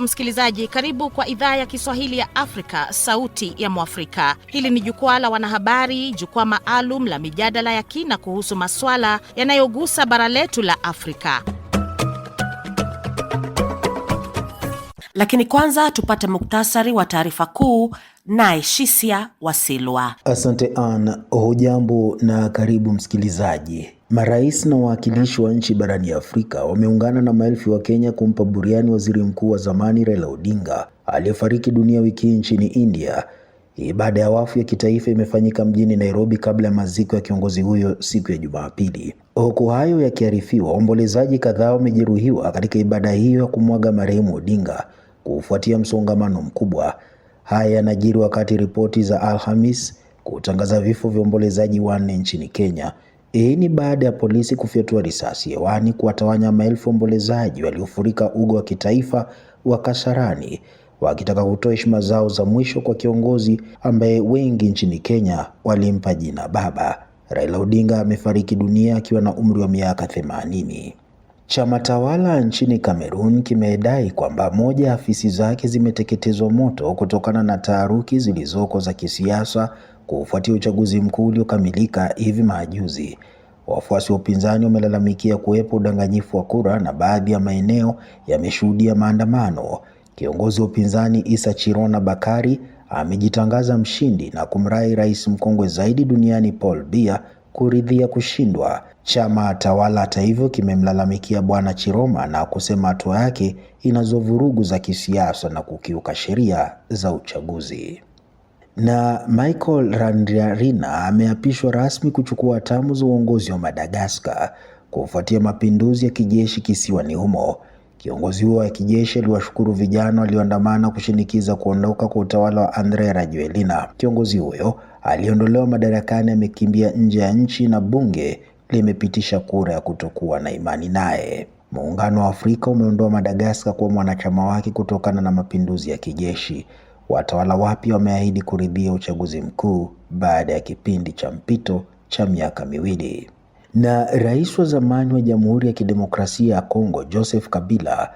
msikilizaji, karibu kwa idhaa ya Kiswahili ya Afrika, sauti ya Mwafrika. Hili ni jukwaa la wanahabari, jukwaa maalum la mijadala ya kina kuhusu maswala yanayogusa bara letu la Afrika. Lakini kwanza tupate muktasari wa taarifa kuu. Naye Shisia Wasilwa. Asante Ann. Hujambo na karibu msikilizaji. Marais na wawakilishi wa nchi barani Afrika wameungana na maelfu wa Kenya kumpa buriani waziri mkuu wa zamani Raila Odinga aliyefariki dunia wiki hii nchini India. Ibada ya wafu ya kitaifa imefanyika mjini Nairobi kabla ya maziko ya kiongozi huyo siku ya Jumapili. Huku hayo yakiarifiwa, waombolezaji kadhaa wamejeruhiwa katika ibada hiyo ya kumwaga marehemu Odinga kufuatia msongamano mkubwa. Haya yanajiri wakati ripoti za Alhamis kutangaza vifo vya waombolezaji wanne nchini Kenya. Hii ni baada ya polisi kufyatua risasi hewani kuwatawanya maelfu ombolezaji waliofurika ugo wa kitaifa wa Kasarani wakitaka kutoa heshima zao za mwisho kwa kiongozi ambaye wengi nchini Kenya walimpa jina baba. Raila Odinga amefariki dunia akiwa na umri wa miaka 80. Chama tawala nchini Kamerun kimedai kwamba moja ya afisi zake zimeteketezwa moto kutokana na taharuki zilizoko za kisiasa kufuatia uchaguzi mkuu uliokamilika hivi majuzi. Wafuasi wa upinzani wamelalamikia kuwepo udanganyifu wa kura na baadhi ya maeneo yameshuhudia maandamano. Kiongozi wa upinzani Isa Chirona Bakari amejitangaza mshindi na kumrai rais mkongwe zaidi duniani Paul Biya kuridhia kushindwa. Chama tawala hata hivyo kimemlalamikia bwana Chiroma na kusema hatua yake inazo vurugu za kisiasa na kukiuka sheria za uchaguzi na Michael Randrianirina ameapishwa rasmi kuchukua hatamu za uongozi wa Madagascar kufuatia mapinduzi ya kijeshi kisiwani humo. Kiongozi huo wa kijeshi aliwashukuru vijana walioandamana kushinikiza kuondoka kwa utawala wa Andre Rajoelina. Kiongozi huyo aliondolewa madarakani, amekimbia nje ya nchi na bunge limepitisha kura ya kutokuwa na imani naye. Muungano wa Afrika umeondoa Madagascar kuwa mwanachama wake kutokana na mapinduzi ya kijeshi. Watawala wapya wameahidi kuridhia uchaguzi mkuu baada ya kipindi cha mpito cha miaka miwili. Na rais wa zamani wa Jamhuri ya Kidemokrasia ya Kongo Joseph Kabila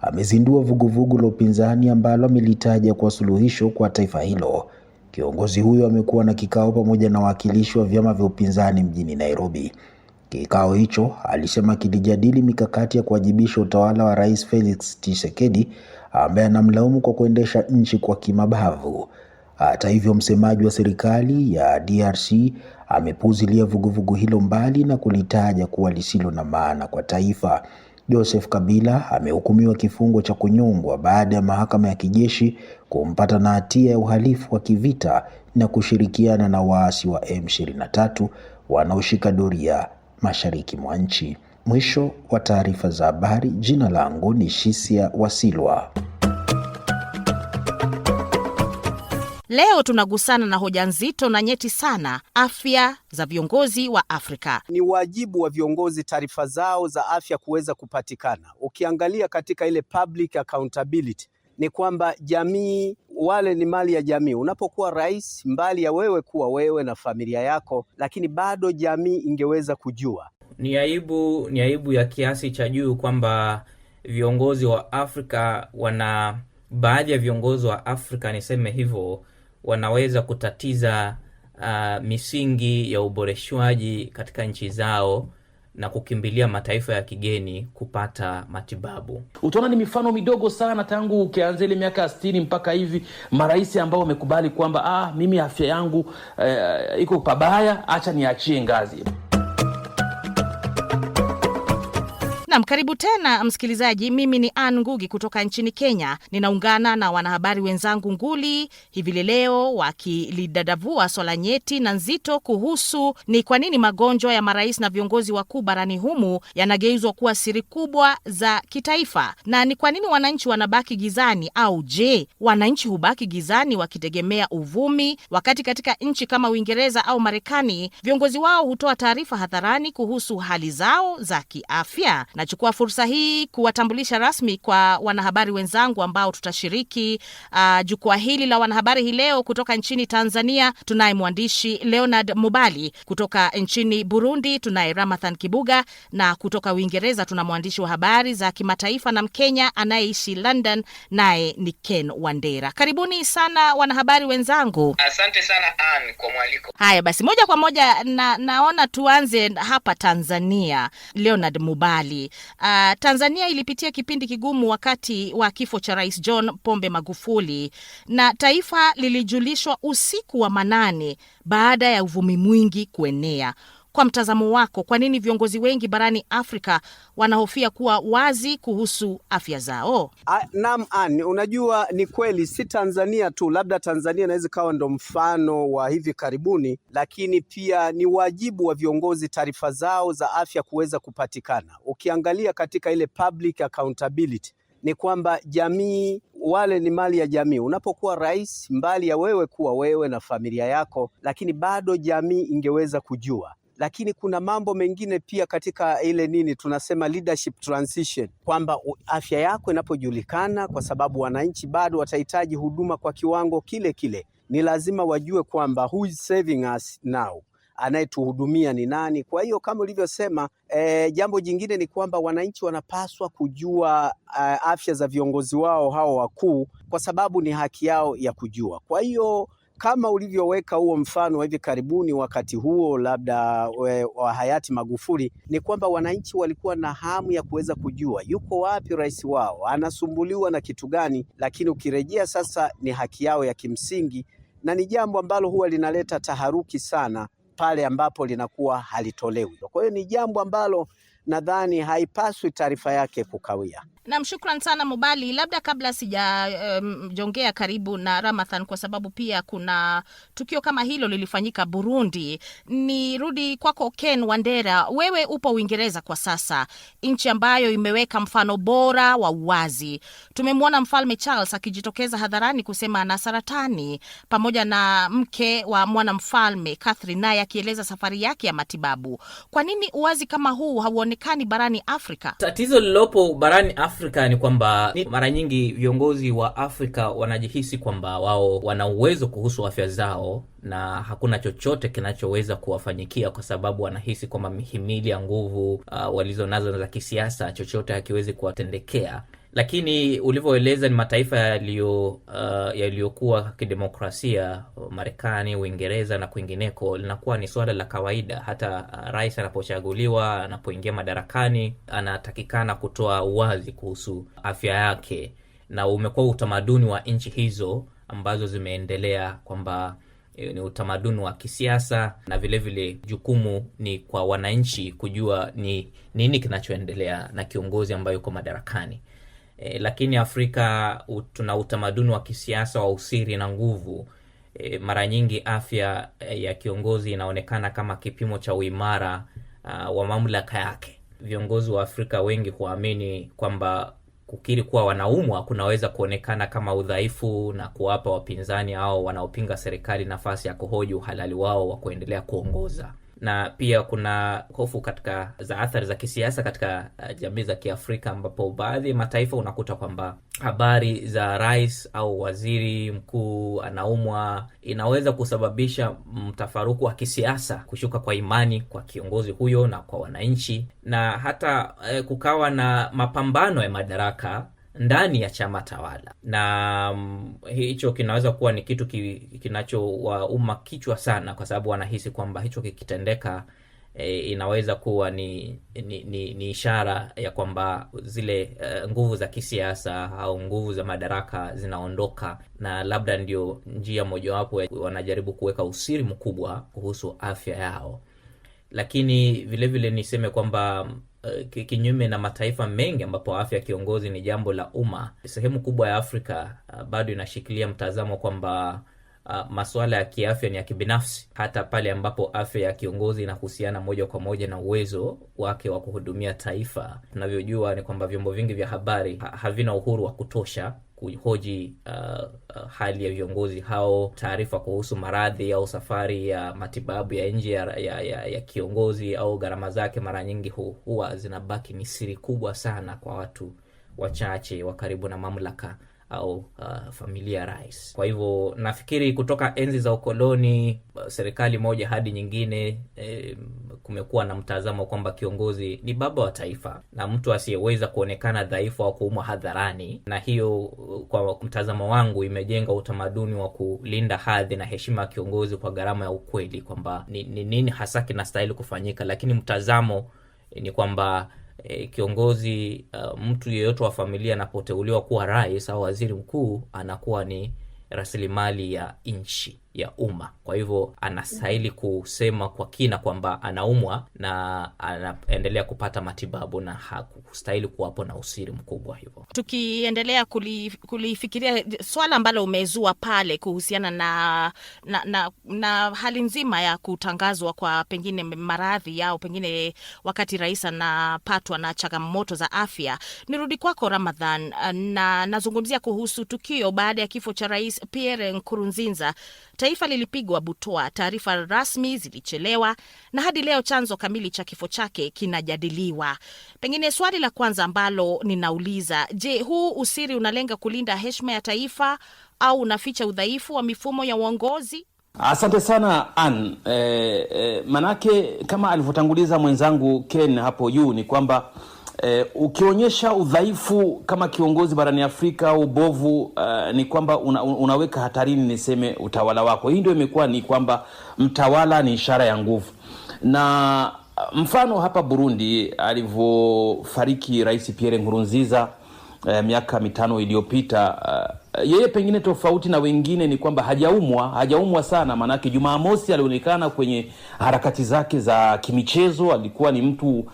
amezindua vuguvugu la upinzani ambalo amelitaja kuwa suluhisho kwa taifa hilo. Kiongozi huyo amekuwa na kikao pamoja na wawakilishi wa vyama vya upinzani mjini Nairobi. Kikao hicho alisema kilijadili mikakati ya kuwajibisha utawala wa Rais Felix Tshisekedi ambaye anamlaumu kwa kuendesha nchi kwa kimabavu. Hata hivyo, msemaji wa serikali ya DRC amepuzilia vuguvugu hilo mbali na kulitaja kuwa lisilo na maana kwa taifa. Joseph Kabila amehukumiwa kifungo cha kunyongwa baada ya mahakama ya kijeshi kumpata na hatia ya uhalifu wa kivita na kushirikiana na waasi wa M23 wanaoshika doria mashariki mwa nchi. Mwisho wa taarifa za habari. Jina langu ni Shisia Wasilwa. Leo tunagusana na hoja nzito na nyeti sana, afya za viongozi wa Afrika. Ni wajibu wa viongozi taarifa zao za afya kuweza kupatikana. Ukiangalia katika ile public accountability, ni kwamba jamii wale ni mali ya jamii. Unapokuwa rais, mbali ya wewe kuwa wewe na familia yako, lakini bado jamii ingeweza kujua ni aibu, ni aibu ya kiasi cha juu kwamba viongozi wa Afrika wana baadhi ya viongozi wa Afrika niseme hivyo, wanaweza kutatiza uh, misingi ya uboreshwaji katika nchi zao na kukimbilia mataifa ya kigeni kupata matibabu. Utaona ni mifano midogo sana tangu ukianza ile miaka ya mpaka hivi, marahisi ambao wamekubali kwamba ah, mimi afya yangu eh, iko pabaya, hacha niachie ngazi. Nam, karibu tena msikilizaji. Mimi ni Ann Ngugi kutoka nchini Kenya. Ninaungana na wanahabari wenzangu nguli hivi leo wakilidadavua swala nyeti na nzito kuhusu ni kwa nini magonjwa ya marais na viongozi wakuu barani humu yanageuzwa kuwa siri kubwa za kitaifa, na ni kwa nini wananchi wanabaki gizani. Au je, wananchi hubaki gizani wakitegemea uvumi, wakati katika nchi kama Uingereza au Marekani viongozi wao hutoa taarifa hadharani kuhusu hali zao za kiafya na Nachukua fursa hii kuwatambulisha rasmi kwa wanahabari wenzangu ambao tutashiriki uh, jukwaa hili la wanahabari hii leo. Kutoka nchini Tanzania tunaye mwandishi Leonard Mubali, kutoka nchini Burundi tunaye Ramathan Kibuga, na kutoka Uingereza tuna mwandishi wa habari za kimataifa na Mkenya anayeishi London, naye ni Ken Wandera. Karibuni sana wanahabari wenzangu. Asante sana an kwa mwaliko. Haya basi, moja kwa moja na, naona tuanze hapa Tanzania. Leonard Mubali, Uh, Tanzania ilipitia kipindi kigumu wakati wa kifo cha Rais John Pombe Magufuli na taifa lilijulishwa usiku wa manane baada ya uvumi mwingi kuenea. Kwa mtazamo wako, kwa nini viongozi wengi barani Afrika wanahofia kuwa wazi kuhusu afya zao? Naam, an unajua, ni kweli, si Tanzania tu, labda Tanzania inaweza ikawa ndo mfano wa hivi karibuni, lakini pia ni wajibu wa viongozi taarifa zao za afya kuweza kupatikana. Ukiangalia katika ile public accountability ni kwamba jamii wale ni mali ya jamii. Unapokuwa rais, mbali ya wewe kuwa wewe na familia yako, lakini bado jamii ingeweza kujua lakini kuna mambo mengine pia katika ile nini tunasema leadership transition, kwamba afya yako inapojulikana, kwa sababu wananchi bado watahitaji huduma kwa kiwango kile kile, ni lazima wajue kwamba who is saving us now anayetuhudumia ni nani. Kwa hiyo kama ulivyosema, e, jambo jingine ni kwamba wananchi wanapaswa kujua eh, afya za viongozi wao hao wakuu, kwa sababu ni haki yao ya kujua. Kwa hiyo kama ulivyoweka huo mfano wa hivi karibuni, wakati huo labda we, wa hayati Magufuli, ni kwamba wananchi walikuwa na hamu ya kuweza kujua yuko wapi rais wao, anasumbuliwa na kitu gani. Lakini ukirejea sasa, ni haki yao ya kimsingi, na ni jambo ambalo huwa linaleta taharuki sana pale ambapo linakuwa halitolewi. Kwa hiyo ni jambo ambalo nadhani haipaswi taarifa yake kukawia. Nam, shukran sana Mubali. Labda kabla sijajongea um, karibu na Ramadhan, kwa sababu pia kuna tukio kama hilo lilifanyika Burundi. Nirudi kwako Ken Wandera, wewe upo Uingereza kwa sasa, nchi ambayo imeweka mfano bora wa uwazi. Tumemwona Mfalme Charles akijitokeza hadharani kusema ana saratani, pamoja na mke wa mwanamfalme Catherine, naye akieleza safari yake ya matibabu. Kwa nini uwazi kama huu hauonekani barani Afrika? Tatizo lilopo barani Afrika Afrika ni kwamba mara nyingi viongozi wa Afrika wanajihisi kwamba wao wana uwezo kuhusu afya zao na hakuna chochote kinachoweza kuwafanyikia kwa sababu wanahisi kwamba mihimili ya nguvu uh, walizonazo za kisiasa chochote hakiwezi kuwatendekea. Lakini ulivyoeleza ni mataifa yaliyokuwa uh, yaliyokuwa kidemokrasia, Marekani, Uingereza na kwingineko, linakuwa ni suala la kawaida. Hata uh, rais anapochaguliwa, anapoingia madarakani, anatakikana kutoa uwazi kuhusu afya yake, na umekuwa utamaduni wa nchi hizo ambazo zimeendelea kwamba eh, ni utamaduni wa kisiasa na vilevile vile jukumu ni kwa wananchi kujua ni nini kinachoendelea na kiongozi ambayo yuko madarakani e, lakini Afrika tuna utamaduni wa kisiasa wa usiri na nguvu. E, mara nyingi afya eh, ya kiongozi inaonekana kama kipimo cha uimara a, ah, wa mamlaka yake. Viongozi wa Afrika wengi huamini kwamba kukiri kuwa wanaumwa kunaweza kuonekana kama udhaifu na kuwapa wapinzani au wanaopinga serikali nafasi ya kuhoji uhalali wao wa kuendelea kuongoza na pia kuna hofu katika za athari za kisiasa katika uh, jamii za Kiafrika ambapo baadhi ya mataifa unakuta kwamba habari za rais au waziri mkuu anaumwa inaweza kusababisha mtafaruku wa kisiasa, kushuka kwa imani kwa kiongozi huyo na kwa wananchi, na hata eh, kukawa na mapambano ya madaraka ndani ya chama tawala, na um, hicho kinaweza kuwa ni kitu ki, kinachowauma kichwa sana, kwa sababu wanahisi kwamba hicho kikitendeka E, inaweza kuwa ni ni, ni, ni ishara ya kwamba zile uh, nguvu za kisiasa au nguvu za madaraka zinaondoka, na labda ndio njia mojawapo wanajaribu kuweka usiri mkubwa kuhusu afya yao. Lakini vilevile vile niseme kwamba Eh, kinyume na mataifa mengi ambapo afya ya kiongozi ni jambo la umma, sehemu kubwa ya Afrika eh, bado inashikilia mtazamo kwamba Uh, eh, masuala ya kiafya ni ya kibinafsi, hata pale ambapo afya ya kiongozi inahusiana moja kwa moja na uwezo wake wa kuhudumia taifa. Tunavyojua ni kwamba vyombo vingi vya habari ha havina uhuru wa kutosha kuhoji uh, uh, hali ya viongozi hao, taarifa kuhusu maradhi au safari ya matibabu ya nje ya, ya, ya, ya kiongozi au gharama zake, mara nyingi hu, huwa zinabaki ni siri kubwa sana kwa watu wachache wa karibu na mamlaka au uh, familia rais. Kwa hivyo nafikiri kutoka enzi za ukoloni, uh, serikali moja hadi nyingine, eh, kumekuwa na mtazamo kwamba kiongozi ni baba wa taifa na mtu asiyeweza kuonekana dhaifu au kuumwa hadharani, na hiyo uh, kwa mtazamo wangu imejenga utamaduni wa kulinda hadhi na heshima ya kiongozi kwa gharama ya ukweli, kwamba ni nini hasa kinastahili kufanyika, lakini mtazamo eh, ni kwamba e, kiongozi uh, mtu yeyote wa familia anapoteuliwa kuwa rais au waziri mkuu anakuwa ni rasilimali ya nchi ya umma. Kwa hivyo anastahili kusema kwa kina kwamba anaumwa na anaendelea kupata matibabu na hakustahili kuwapo na usiri mkubwa. Hivyo tukiendelea kulifikiria swala ambalo umezua pale kuhusiana na, na, na, na hali nzima ya kutangazwa kwa pengine maradhi au pengine wakati rais anapatwa na changamoto za afya, nirudi kwako Ramadhan, na nazungumzia kuhusu tukio baada ya kifo cha Rais Pierre nkurunzinza Taifa lilipigwa butoa taarifa rasmi zilichelewa, na hadi leo chanzo kamili cha kifo chake kinajadiliwa. Pengine swali la kwanza ambalo ninauliza, je, huu usiri unalenga kulinda heshma ya taifa au unaficha udhaifu wa mifumo ya uongozi? Asante sana an E, eh, e, eh, manake kama alivyotanguliza mwenzangu Ken hapo juu ni kwamba Eh, ukionyesha udhaifu kama kiongozi barani Afrika au ubovu uh, ni kwamba una, unaweka hatarini niseme utawala wako. Hii ndio imekuwa ni kwamba mtawala ni ishara ya nguvu, na eh, mfano hapa Burundi alivyofariki Rais Pierre Nkurunziza eh, miaka mitano iliyopita uh, Eh, yeye pengine tofauti na wengine ni kwamba hajaumwa, hajaumwa sana. Maanake mosi alionekana kwenye harakati zake za kimichezo, alikuwa ni mtu uh,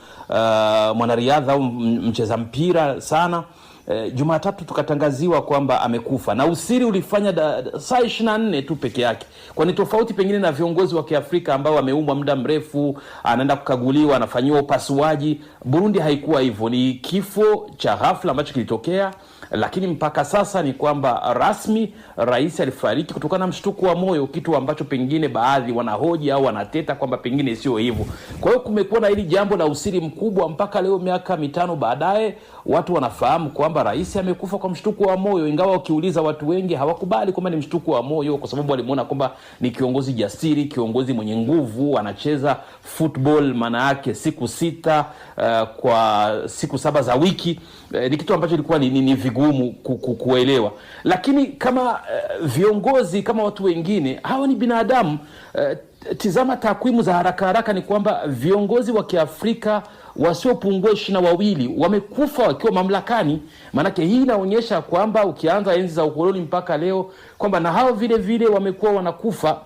mwanariadha au mcheza mpira sana. Uh, Jumatatu tukatangaziwa kwamba amekufa na usiri ulifanya saa ishirini na nne tu peke yake, kwani tofauti pengine na viongozi wa Kiafrika ambao wameumwa muda mrefu, anaenda kukaguliwa, anafanyiwa upasuaji. Burundi haikuwa hivyo, ni kifo cha ghafla ambacho kilitokea lakini mpaka sasa ni kwamba rasmi rais alifariki kutokana na mshtuko wa moyo, kitu ambacho pengine baadhi wanahoji au wanateta kwamba pengine sio hivyo. Kwa hiyo kumekuwa na hili jambo la usiri mkubwa mpaka leo, miaka mitano baadaye, watu wanafahamu kwamba rais amekufa kwa mshtuko wa moyo, ingawa wakiuliza watu wengi hawakubali kwamba ni mshtuko wa moyo, kwa sababu walimuona kwamba ni kiongozi jasiri, kiongozi mwenye nguvu, anacheza football maana yake siku sita uh, kwa siku saba za wiki eh, ni kitu ambacho ilikuwa ni, ni, ni vigumu kuelewa, lakini kama eh, viongozi kama watu wengine hawa ni binadamu eh, tizama takwimu za haraka haraka ni kwamba viongozi wa Kiafrika wasiopungua ishirina wawili wamekufa wakiwa mamlakani. Maanake hii inaonyesha kwamba ukianza enzi za ukoloni mpaka leo kwamba na hao vile vile wamekuwa wanakufa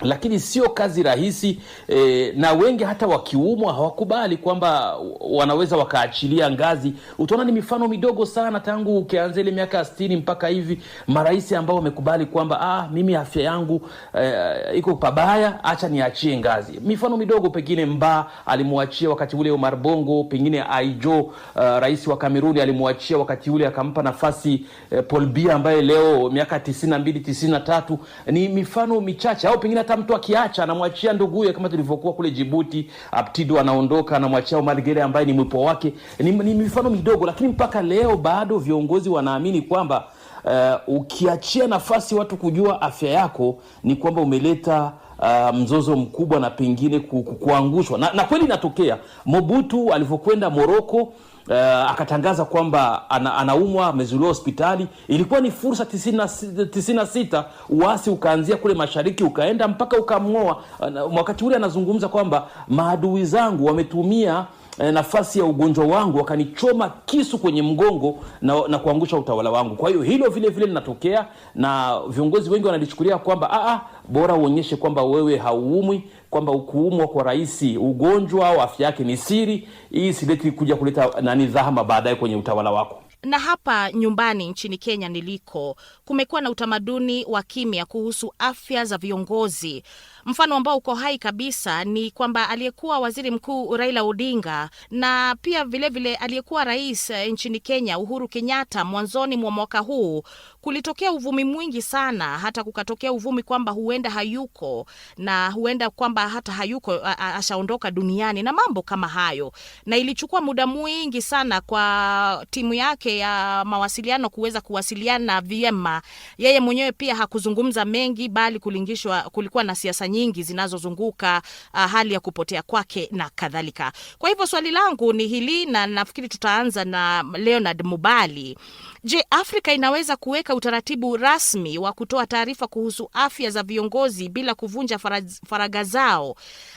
lakini sio kazi rahisi e, na wengi hata wakiumwa hawakubali kwamba wanaweza wakaachilia ngazi. Utaona ni mifano midogo sana tangu ukianza ile miaka sitini mpaka hivi marais ambao wamekubali kwamba ah, mimi afya yangu e, iko pabaya, acha niachie ngazi. Mifano midogo pengine Mba alimwachia wakati ule Omar Bongo, pengine Aijo uh, rais wa Kameruni alimwachia wakati ule akampa nafasi eh, Paul Biya ambaye leo miaka tisini na mbili tisini na tatu ni mifano michache au pengine hata mtu akiacha anamwachia nduguye, kama tulivyokuwa kule Jibuti, Aptido anaondoka anamwachia Omar ambaye ni mwipo wake. Ni, ni mifano midogo, lakini mpaka leo bado viongozi wanaamini kwamba uh, ukiachia nafasi watu kujua afya yako ni kwamba umeleta Uh, mzozo mkubwa na pengine kuangushwa na, na kweli inatokea. Mobutu alivyokwenda Moroko uh, akatangaza kwamba ana, anaumwa amezuliwa hospitali. Ilikuwa ni fursa tisini na sita, uasi ukaanzia kule mashariki ukaenda mpaka ukamng'oa. Wakati ule anazungumza kwamba maadui zangu wametumia eh, nafasi ya ugonjwa wangu wakanichoma kisu kwenye mgongo na, na kuangusha utawala wangu. Kwa hiyo hilo vile vile linatokea na viongozi wengi wanalichukulia kwamba ah, ah, bora uonyeshe kwamba wewe hauumwi kwamba kuumwa kwa rais, ugonjwa au afya yake ni siri, hii sileti kuja kuleta nani dhahama baadaye kwenye utawala wako na hapa nyumbani nchini Kenya niliko, kumekuwa na utamaduni wa kimya kuhusu afya za viongozi Mfano ambao uko hai kabisa ni kwamba aliyekuwa waziri mkuu Raila Odinga na pia vilevile aliyekuwa rais eh, nchini Kenya Uhuru Kenyatta, mwanzoni mwa mwaka huu kulitokea uvumi mwingi sana, hata kukatokea uvumi kwamba huenda hayuko na huenda kwamba hata hayuko ashaondoka duniani na mambo kama hayo, na ilichukua muda mwingi sana kwa timu yake ya mawasiliano kuweza kuwasiliana vyema. Yeye mwenyewe pia hakuzungumza mengi, bali kulingishwa kulikuwa na siasa nyingi zinazozunguka uh, hali ya kupotea kwake na kadhalika. Kwa hivyo swali langu ni hili, na nafikiri tutaanza na Leonard Mubali. Je, Afrika inaweza kuweka utaratibu rasmi wa kutoa taarifa kuhusu afya za viongozi bila kuvunja faraga zao?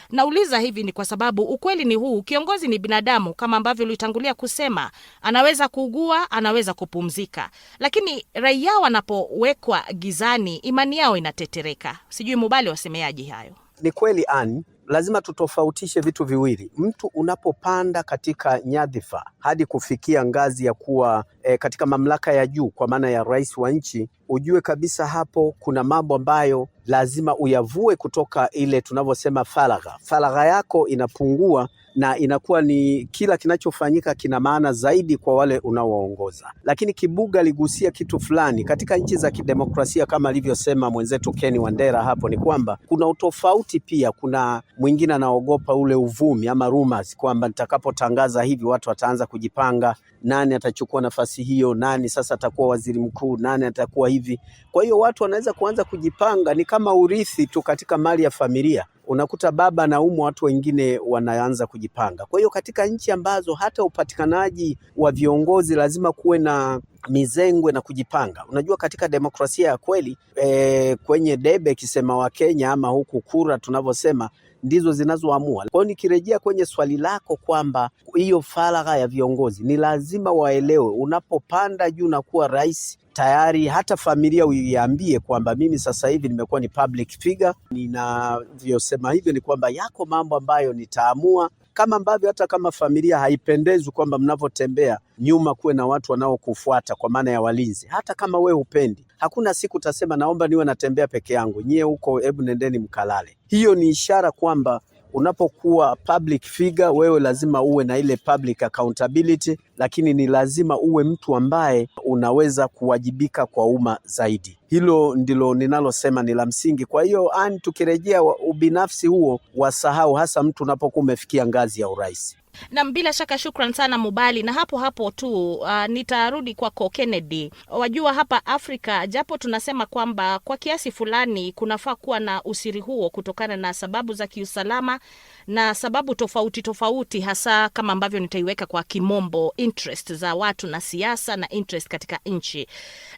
Nauliza hivi ni kwa sababu ukweli ni huu, kiongozi ni binadamu kama ambavyo ulitangulia kusema, anaweza kuugua, anaweza kupumzika, lakini raia wanapowekwa gizani, imani yao inatetereka. Sijui Mubali wasemeaji hayo. Ni kweli an lazima tutofautishe vitu viwili. Mtu unapopanda katika nyadhifa hadi kufikia ngazi ya kuwa e, katika mamlaka ya juu kwa maana ya rais wa nchi, ujue kabisa hapo kuna mambo ambayo lazima uyavue kutoka ile tunavyosema faragha. Faragha yako inapungua na inakuwa ni kila kinachofanyika kina maana zaidi kwa wale unaowaongoza. Lakini Kibuga aligusia kitu fulani katika nchi za kidemokrasia kama alivyosema mwenzetu Ken Wandera hapo, ni kwamba kuna utofauti pia. Kuna mwingine anaogopa ule uvumi ama rumors kwamba nitakapotangaza hivi watu wataanza kujipanga, nani atachukua nafasi hiyo, nani sasa atakuwa waziri mkuu, nani atakuwa hivi. Kwa hiyo watu wanaweza kuanza kujipanga, ni kama urithi tu katika mali ya familia unakuta baba anaumwa, watu wengine wanaanza kujipanga. Kwa hiyo katika nchi ambazo hata upatikanaji wa viongozi lazima kuwe na mizengwe na kujipanga. Unajua, katika demokrasia ya kweli e, kwenye debe kisema Wakenya ama huku kura tunavyosema ndizo zinazoamua. Kwa hiyo nikirejea kwenye swali lako kwamba hiyo faragha ya viongozi ni lazima waelewe, unapopanda juu na kuwa rais tayari hata familia uiambie kwamba mimi sasa hivi nimekuwa ni public figure. Ninavyosema hivyo ni kwamba yako mambo ambayo nitaamua kama ambavyo hata kama familia haipendezwi kwamba mnavyotembea nyuma kuwe na watu wanaokufuata kwa maana ya walinzi. Hata kama we hupendi, hakuna siku utasema naomba niwe natembea peke yangu, nyie huko, hebu nendeni mkalale. Hiyo ni ishara kwamba unapokuwa public figure, wewe lazima uwe na ile public accountability, lakini ni lazima uwe mtu ambaye unaweza kuwajibika kwa umma zaidi. Hilo ndilo ninalosema ni la msingi. Kwa hiyo, ani tukirejea ubinafsi huo, wasahau hasa mtu unapokuwa umefikia ngazi ya urais. Nam, bila shaka shukran sana Mubali, na hapo hapo tu uh, nitarudi kwako Kennedy. Wajua hapa Afrika, japo tunasema kwamba kwa kiasi fulani kunafaa kuwa na usiri huo kutokana na sababu za kiusalama na sababu tofauti tofauti, hasa kama ambavyo nitaiweka kwa kimombo, interest za watu na siasa na interest katika nchi.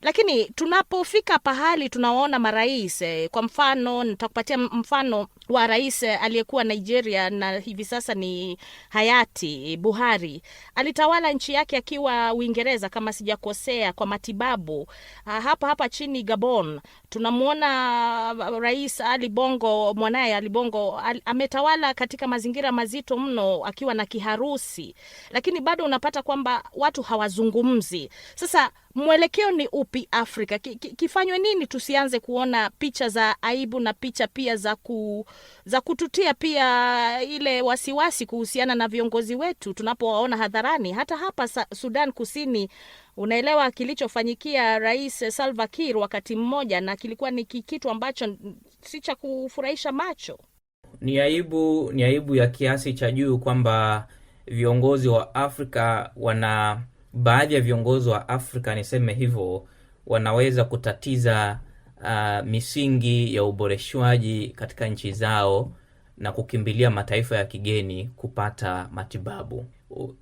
Lakini tunapofika pahali tunawaona marais, eh, kwa mfano nitakupatia mfano wa rais eh, aliyekuwa Nigeria na hivi sasa ni hayati Hayati Buhari alitawala nchi yake akiwa Uingereza kama sijakosea, kwa matibabu. Ah, hapa hapa chini Gabon tunamwona ah, Rais Ali Bongo, mwanaye Ali Bongo ametawala katika mazingira mazito mno akiwa na kiharusi, lakini bado unapata kwamba watu hawazungumzi sasa mwelekeo ni upi Afrika? Kifanywe nini tusianze kuona picha za aibu na picha pia za, ku, za kututia pia ile wasiwasi kuhusiana na viongozi wetu tunapowaona hadharani. Hata hapa Sudan Kusini unaelewa kilichofanyikia Rais Salva Kiir wakati mmoja, na kilikuwa ni kitu ambacho si cha kufurahisha macho. Ni aibu, ni aibu ya kiasi cha juu kwamba viongozi wa Afrika wana baadhi ya viongozi wa Afrika niseme hivyo, wanaweza kutatiza uh, misingi ya uboreshwaji katika nchi zao na kukimbilia mataifa ya kigeni kupata matibabu.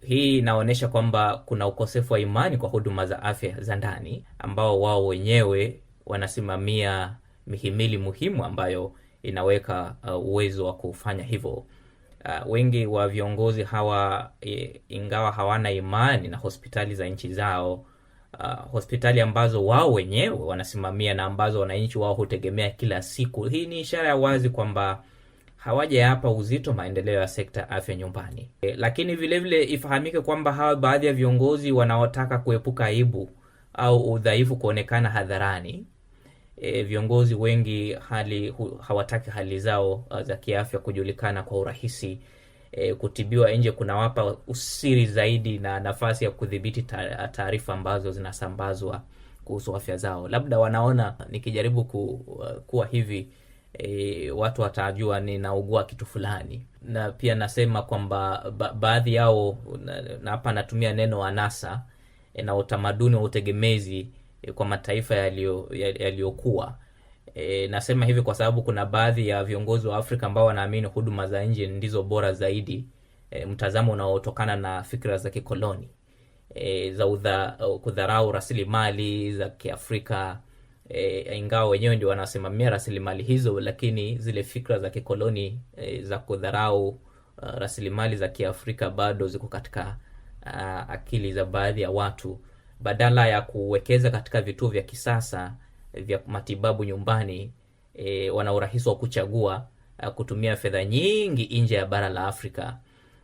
Hii inaonyesha kwamba kuna ukosefu wa imani kwa huduma za afya za ndani, ambao wao wenyewe wanasimamia mihimili muhimu ambayo inaweka uh, uwezo wa kufanya hivyo. Uh, wengi wa viongozi hawa e, ingawa hawana imani na hospitali za nchi zao, uh, hospitali ambazo wao wenyewe wanasimamia na ambazo wananchi wao hutegemea kila siku. Hii ni ishara ya wazi kwamba hawajayapa uzito maendeleo ya sekta afya nyumbani. E, lakini vilevile ifahamike kwamba hawa baadhi ya viongozi wanaotaka kuepuka aibu au udhaifu kuonekana hadharani e, viongozi wengi hali hu, hawataki hali zao uh, za kiafya kujulikana kwa urahisi. E, kutibiwa nje kunawapa usiri zaidi na nafasi ya kudhibiti taarifa ambazo zinasambazwa kuhusu afya zao. Labda wanaona nikijaribu ku, uh, kuwa hivi e, watu watajua ninaugua kitu fulani. Na pia nasema kwamba ba, baadhi yao na hapa na natumia neno anasa e, na utamaduni wa utegemezi Eh, kwa mataifa yaliyokuwa ya, ya E, nasema hivi kwa sababu kuna baadhi ya viongozi wa Afrika ambao wanaamini huduma za nje ndizo bora zaidi, e, mtazamo unaotokana na fikra za kikoloni e, za udha, kudharau rasilimali za Kiafrika e, ingawa wenyewe ndio wanasimamia rasilimali hizo, lakini zile fikra za kikoloni e, za kudharau uh, rasilimali za Kiafrika bado ziko katika uh, akili za baadhi ya watu badala ya kuwekeza katika vituo vya kisasa vya matibabu nyumbani e, wana urahisi wa kuchagua e, kutumia fedha nyingi nje ya bara la Afrika.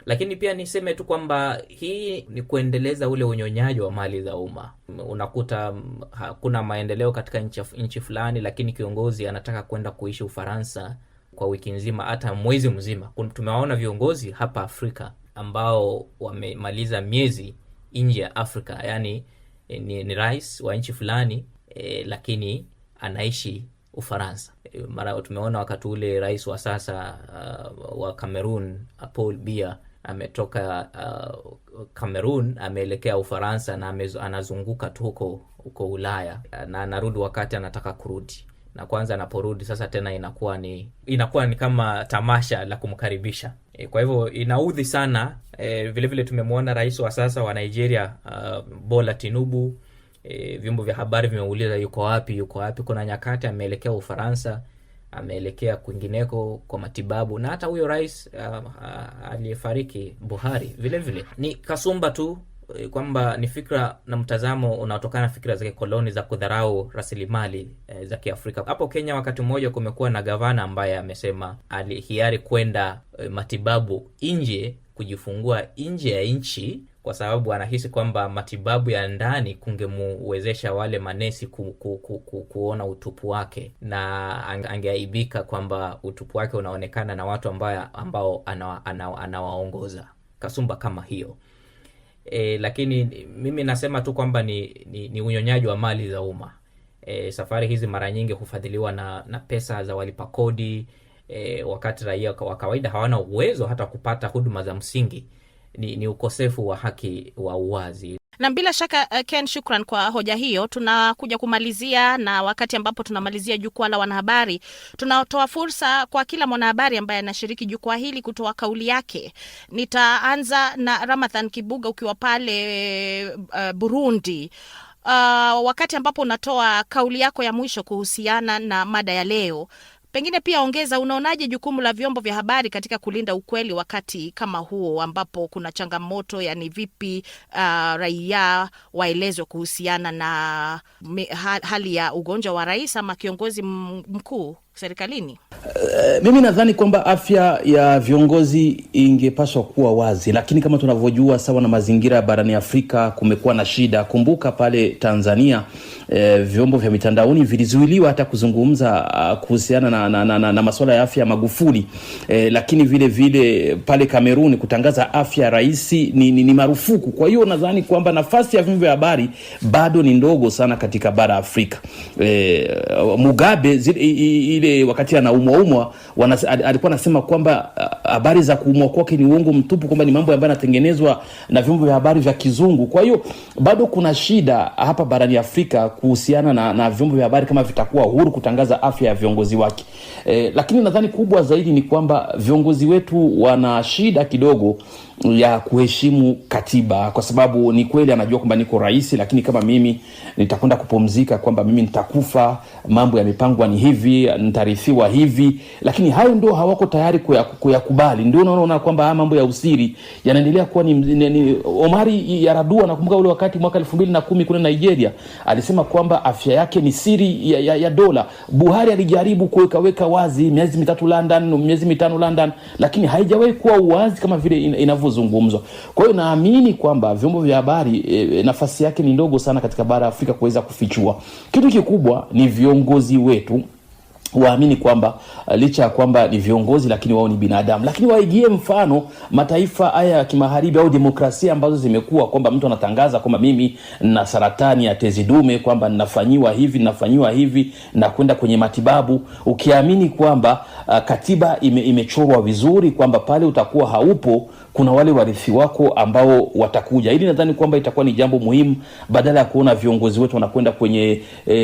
Lakini pia niseme tu kwamba hii ni kuendeleza ule unyonyaji wa mali za umma. Unakuta mm, hakuna maendeleo katika nchi fulani, lakini kiongozi anataka kwenda kuishi Ufaransa kwa wiki nzima, hata mwezi mzima. Tumewaona viongozi hapa Afrika ambao wamemaliza miezi nje ya Afrika, yani E, ni, ni rais wa nchi fulani e, lakini anaishi Ufaransa. E, mara tumeona wakati ule rais wa sasa uh, wa Cameroon Paul bia ametoka uh, Cameroon ameelekea Ufaransa na anazunguka tu huko huko Ulaya na anarudi wakati anataka kurudi na kwanza anaporudi sasa tena inakuwa ni inakuwa ni kama tamasha la kumkaribisha E, kwa hivyo inaudhi sana e, vile vile tumemwona rais wa sasa wa Nigeria uh, Bola Tinubu e, vyombo vya habari vimeuliza yuko wapi, yuko wapi. Kuna nyakati ameelekea Ufaransa, ameelekea kwingineko kwa matibabu, na hata huyo rais uh, uh, aliyefariki Buhari vile vile ni kasumba tu Eh, kwamba ni fikra na mtazamo unaotokana na fikra za kikoloni za kudharau rasilimali e, za Kiafrika. Hapo Kenya wakati mmoja kumekuwa na gavana ambaye amesema alihiari kwenda e, matibabu nje, kujifungua nje ya nchi kwa sababu anahisi kwamba matibabu ya ndani kungemuwezesha wale manesi ku, ku, ku, ku, kuona utupu wake na angeaibika kwamba utupu wake unaonekana na watu ambao, ambao anawaongoza. Kasumba kama hiyo e, lakini mimi nasema tu kwamba ni, ni, ni unyonyaji wa mali za umma. E, safari hizi mara nyingi hufadhiliwa na, na pesa za walipa kodi e, wakati raia wa kawaida hawana uwezo hata kupata huduma za msingi. Ni, ni ukosefu wa haki wa uwazi. Na bila shaka uh, Ken, shukran kwa hoja hiyo. Tunakuja kumalizia, na wakati ambapo tunamalizia jukwaa la wanahabari, tunatoa fursa kwa kila mwanahabari ambaye anashiriki jukwaa hili kutoa kauli yake. Nitaanza na Ramadhan Kibuga, ukiwa pale uh, Burundi. Uh, wakati ambapo unatoa kauli yako ya mwisho kuhusiana na mada ya leo, Pengine pia ongeza, unaonaje jukumu la vyombo vya habari katika kulinda ukweli wakati kama huo ambapo kuna changamoto, yani vipi uh, raia waelezwe kuhusiana na hali ya ugonjwa wa rais ama kiongozi mkuu? serikalini? Uh, mimi nadhani kwamba afya ya viongozi ingepaswa kuwa wazi, lakini kama tunavyojua, sawa na mazingira barani Afrika, kumekuwa na shida. Kumbuka pale Tanzania eh, vyombo vya mitandaoni vilizuiliwa hata kuzungumza ah, kuhusiana na, na, na, na, na masuala ya afya ya Magufuli eh, lakini vile vile pale Kamerun kutangaza afya ya rais ni, ni, ni marufuku. Kwa hiyo nadhani kwamba nafasi ya vyombo vya habari bado ni ndogo sana katika bara Afrika. Eh, Mugabe zile, vile wakati anaumwa umwa alikuwa anasema kwamba uh, habari za kuumwa kwake ni uongo mtupu, kwamba ni mambo ambayo yanatengenezwa na vyombo vya habari vya kizungu. Kwa hiyo bado kuna shida hapa barani Afrika kuhusiana na, na vyombo vya habari kama vitakuwa huru kutangaza afya ya viongozi wake Eh, lakini nadhani kubwa zaidi ni kwamba viongozi wetu wana shida kidogo ya kuheshimu katiba, kwa sababu ni kweli anajua kwamba niko rais, lakini kama mimi nitakwenda kupumzika, kwamba mimi nitakufa, mambo yamepangwa ni hivi, nitarithiwa hivi, lakini hayo ndio hawako tayari kuyakubali. Ndio unaona kwamba haya mambo ya usiri yanaendelea kuwa ni, ni, ni Omari Yaradua. Nakumbuka ule wakati mwaka elfu mbili na kumi kule Nigeria alisema kwamba afya yake ni siri ya, ya, ya dola. Buhari alijaribu kuwekaweka wazi miezi mitatu London, miezi mitano London, lakini haijawahi kuwa uwazi kama vile inavyo inavyozungumzwa. Kwa hiyo naamini kwamba vyombo vya habari e, e, nafasi yake ni ndogo sana katika bara ya Afrika kuweza kufichua. Kitu kikubwa ni viongozi wetu waamini kwamba e, licha ya kwamba ni viongozi lakini wao ni binadamu, lakini waigie mfano mataifa haya ya kimagharibi au demokrasia ambazo zimekuwa kwamba mtu anatangaza kwamba mimi na saratani ya tezi dume, kwamba ninafanyiwa hivi ninafanyiwa hivi na kwenda kwenye matibabu, ukiamini kwamba uh, katiba ime, imechorwa vizuri kwamba pale utakuwa haupo kuna wale warithi wako ambao watakuja. Ili nadhani kwamba itakuwa ni jambo muhimu, badala ya kuona viongozi wetu wanakwenda kwenye e,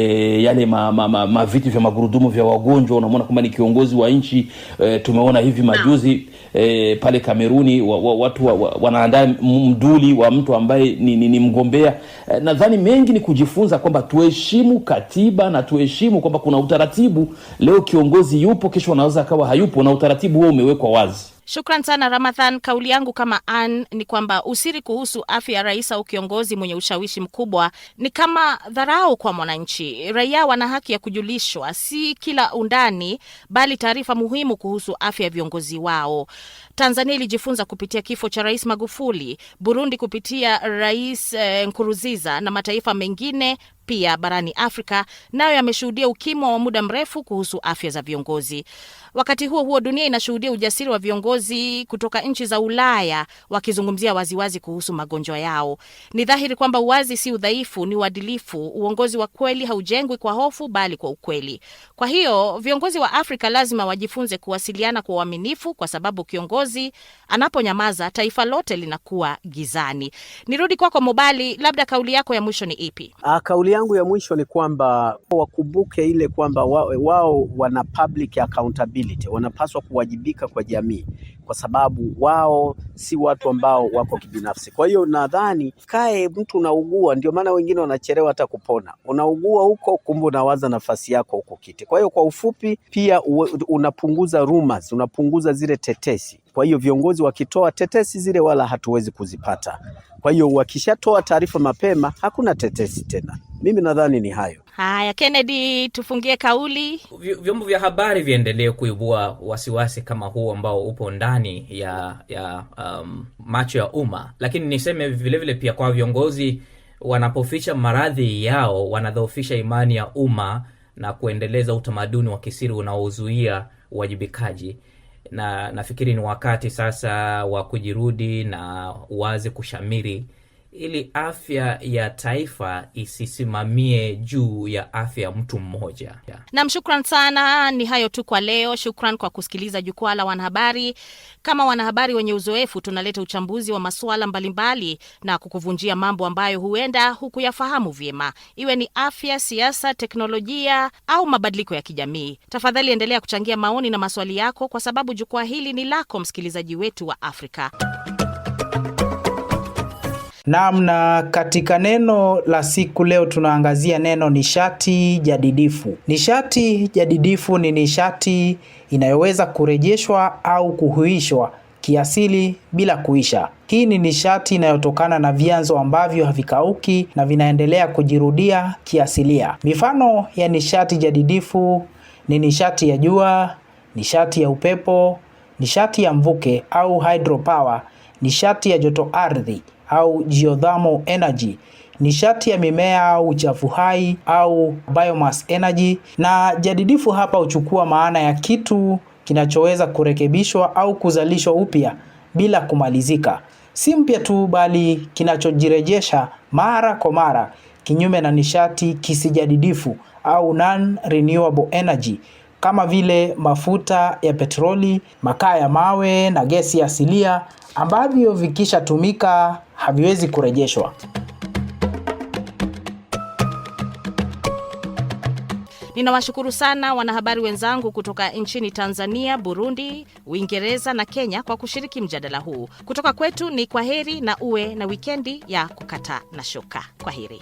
yale ma, ma, ma, ma viti vya magurudumu vya wagonjwa. Unamwona kwamba ni kiongozi wa nchi e, tumeona hivi majuzi e, pale Kameruni wa, wa, watu wa, wa, wanaandaa mduli wa mtu ambaye ni, ni, ni mgombea e, nadhani mengi ni kujifunza kwamba tuheshimu katiba na tuheshimu kwamba kuna utaratibu. Leo kiongozi yupo, kesho anaweza akawa hayupo, na utaratibu huo umewekwa wazi. Shukran sana Ramadhan. Kauli yangu kama an ni kwamba usiri kuhusu afya ya rais au kiongozi mwenye ushawishi mkubwa ni kama dharau kwa mwananchi. Raia wana haki ya kujulishwa, si kila undani, bali taarifa muhimu kuhusu afya ya viongozi wao. Tanzania ilijifunza kupitia kifo cha Rais Magufuli, Burundi kupitia Rais eh, Nkuruziza na mataifa mengine pia barani Afrika nayo yameshuhudia ukimwa wa muda mrefu kuhusu afya za viongozi. Wakati huo huo, dunia inashuhudia ujasiri wa viongozi kutoka nchi za Ulaya wakizungumzia waziwazi kuhusu magonjwa yao. Ni dhahiri kwamba uwazi si udhaifu, ni uadilifu. Uongozi wa kweli haujengwi kwa hofu, bali kwa ukweli. Kwa hiyo viongozi wa Afrika lazima wajifunze kuwasiliana kwa uaminifu, kwa sababu kiongozi anaponyamaza, taifa lote linakuwa gizani. Nirudi kwako Mobali, labda kauli yako ya mwisho ni ipi? Ah, kauli yangu ya mwisho ni kwamba wakumbuke ile kwamba wao, wao wana public accountability, wanapaswa kuwajibika kwa jamii, kwa sababu wao si watu ambao wako kibinafsi. Kwa hiyo nadhani kae, mtu unaugua, ndio maana wengine wanachelewa hata kupona. Unaugua huko, kumbe unawaza nafasi yako huko kiti. Kwa hiyo kwa ufupi, pia unapunguza rumors, unapunguza zile tetesi. Kwa hiyo viongozi wakitoa tetesi zile, wala hatuwezi kuzipata. Kwa hiyo wakishatoa taarifa mapema, hakuna tetesi tena. Mimi nadhani ni hayo. Haya, Kennedy, tufungie kauli. Vyombo vya habari viendelee kuibua wasiwasi kama huu ambao upo ndani ya ya um, macho ya umma, lakini niseme vilevile pia kwa viongozi wanapoficha maradhi yao wanadhoofisha imani ya umma na kuendeleza utamaduni wa kisiri unaozuia uwajibikaji na nafikiri ni wakati sasa wa kujirudi na uwaze kushamiri ili afya ya taifa isisimamie juu ya afya ya mtu mmoja. Nam, shukran sana. Ni hayo tu kwa leo. Shukran kwa kusikiliza jukwaa la wanahabari. Kama wanahabari wenye uzoefu, tunaleta uchambuzi wa masuala mbalimbali na kukuvunjia mambo ambayo huenda hukuyafahamu vyema, iwe ni afya, siasa, teknolojia au mabadiliko ya kijamii. Tafadhali endelea kuchangia maoni na maswali yako, kwa sababu jukwaa hili ni lako, msikilizaji wetu wa Afrika. Naam, na katika neno la siku leo tunaangazia neno nishati jadidifu. Nishati jadidifu ni nishati inayoweza kurejeshwa au kuhuishwa kiasili bila kuisha. Hii ni nishati inayotokana na vyanzo ambavyo havikauki na vinaendelea kujirudia kiasilia. Mifano ya nishati jadidifu ni nishati ya jua, nishati ya upepo, nishati ya mvuke au hydropower, nishati ya joto ardhi au geothermal energy, nishati ya mimea au uchafu hai au biomass energy. Na jadidifu hapa huchukua maana ya kitu kinachoweza kurekebishwa au kuzalishwa upya bila kumalizika, si mpya tu, bali kinachojirejesha mara kwa mara, kinyume na nishati kisijadidifu au non renewable energy kama vile mafuta ya petroli, makaa ya mawe na gesi asilia ambavyo vikishatumika haviwezi kurejeshwa. Ninawashukuru sana wanahabari wenzangu kutoka nchini Tanzania, Burundi, Uingereza na Kenya kwa kushiriki mjadala huu. Kutoka kwetu ni kwa heri na uwe na wikendi ya kukata na shoka. Kwa heri.